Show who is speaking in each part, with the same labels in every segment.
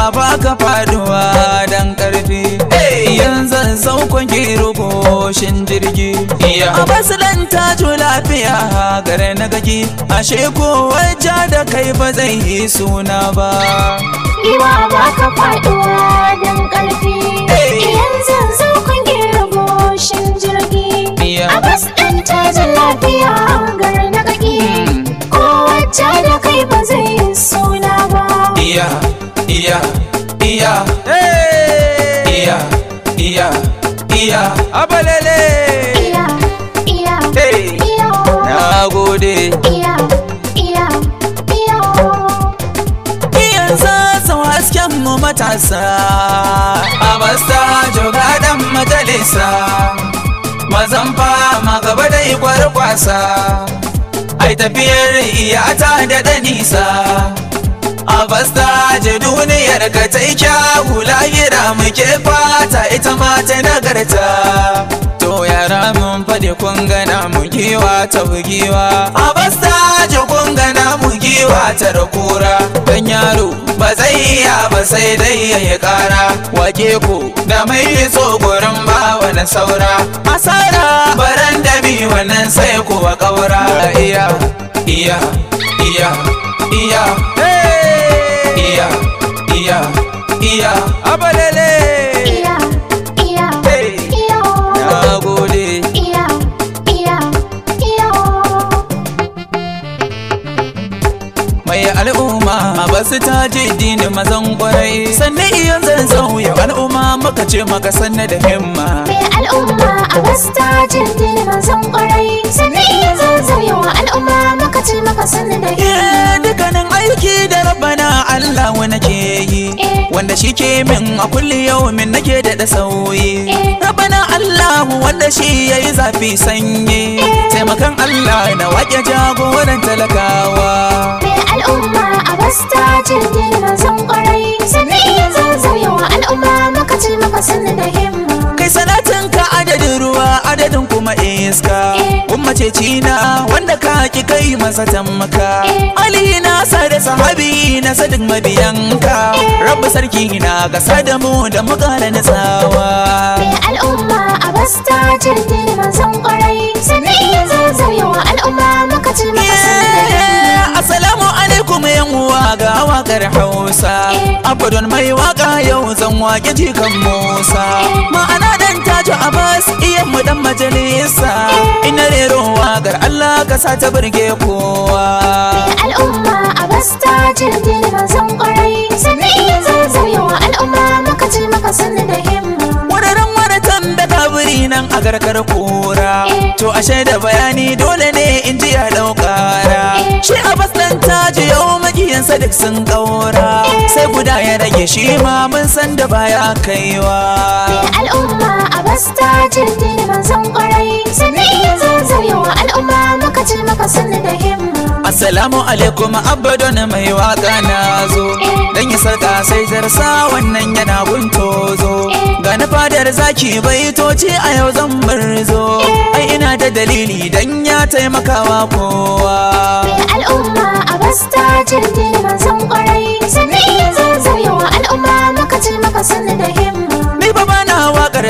Speaker 1: Allah baka faduwa dan karfi yanzu saukon gero shin jirgi a basilan tajo lafiya gare na gaji ashe ko ja da kai ba zai yi suna ba Iwa baka faduwa dan karfi yanzu saukon gero shin jirgi a basilan tajo lafiya gare na gaji hmm. kowace da kai ba zai yi suna ba iya iya iya iya iya abalele iya iya iya na gode iya iya iya iya, hasken mu matasa a basta joga majalisa mazan fama gaba dai kwarkwasa ai tafiyar iya ata da nisa a basta ji duniyar ka ta yi kyawu lahira muke fata ita ma ta nagarta to yara mun faɗi kun gana mu giwa ta bugiwa a ji kun gana mu giwa ta da kura dan yaro ba zai iya ba sai dai ya yi kara wake ko da mai so gurin ba wani saura asara baran da bi wannan sai kuwa kaura iya iya iya iya hey! iya iya iya abalele iya iya iya na gode iya iya iya mai al'umma ba su taji dini mazan kwarai sannan iya zan sauya al'umma maka ce maka sanne da himma mai al'umma a basu tajin dini mazan kwarai sannan iya zan nake yi wanda shi ke min a kulli yau min nake daɗa sauyi rabana allahu wanda shi ya yi zafi sanyi taimakan allah da wake jagoran talakawa mai al'umma a basta jirgin mazan mace na wanda ka ki kai masa tamaka eh. ali na sare sahabi na sadin mabiyanka rabu sarki na ga sadamu da mukala na tsawa al'umma a basta jirgin manzon kwarai sani iya zazzayewa al'umma muka ci eh, Assalamu alaikum yan uwa ga wakar Hausa eh. Abudun mai waka yau zan wake jikan Musa Ma'ana dan tajo Abbas iyan mu dan majalisa kasa ta burge kowa al'umma a basta jirgin manzon kwarai sani iya wa al'umma maka ce maka sani da himma wani waratan da kaburi nan a garkar kura. Eh. to ashe da bayani dole ne in ji ya ɗaukara eh. shi a bastan taji yau makiyansa duk sun ƙaura eh. sai guda ya rage shi ma mun san da baya kaiwa al'umma a basta jirgin salamu alaikum abadon mai waka na zo dan yi sarka sai zarsa wannan yana guntozo ga na fadar zaki toci a yau zan murzo ai ina da dalili dan ya taimakawa kowa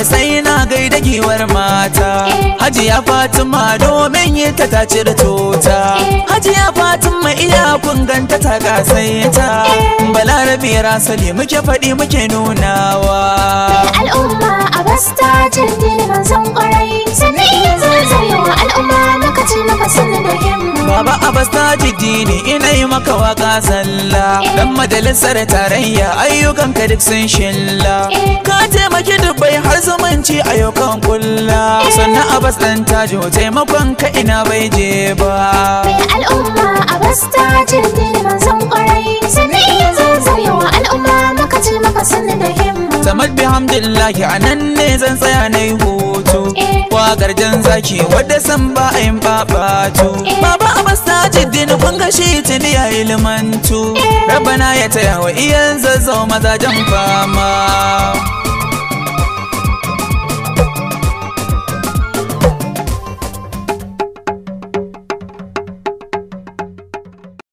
Speaker 1: sai na gaida giwar mata hajiya fatima domin yi ta tace da tota hajiya fatima iya kunganta ta gasai ta balarabe rasali muke faɗi muke nunawa al'umma a basta jirgin manzon kwarai sannan iya zai al'umma lokaci na fasin mastajidini ina yi maka waka sallah dan majalisar tarayya ayyukan ka duk sun shilla ka taimaki dubbai har zumunci a yau kan kulla sannan abas dan tajo taimakon ka ina bai je ba al'umma abas tajidini manzon kwarai sun iya zazzayewa al'umma maka ce maka da himma samad bi hamdillahi a nan ne zan tsaya na hutu eh. Wa garjan zaki wadda san ba a yin babatu eh. addini kun ga shi tuni ya ilmantu rabana ya taya wa iyan zazzau mazajen fama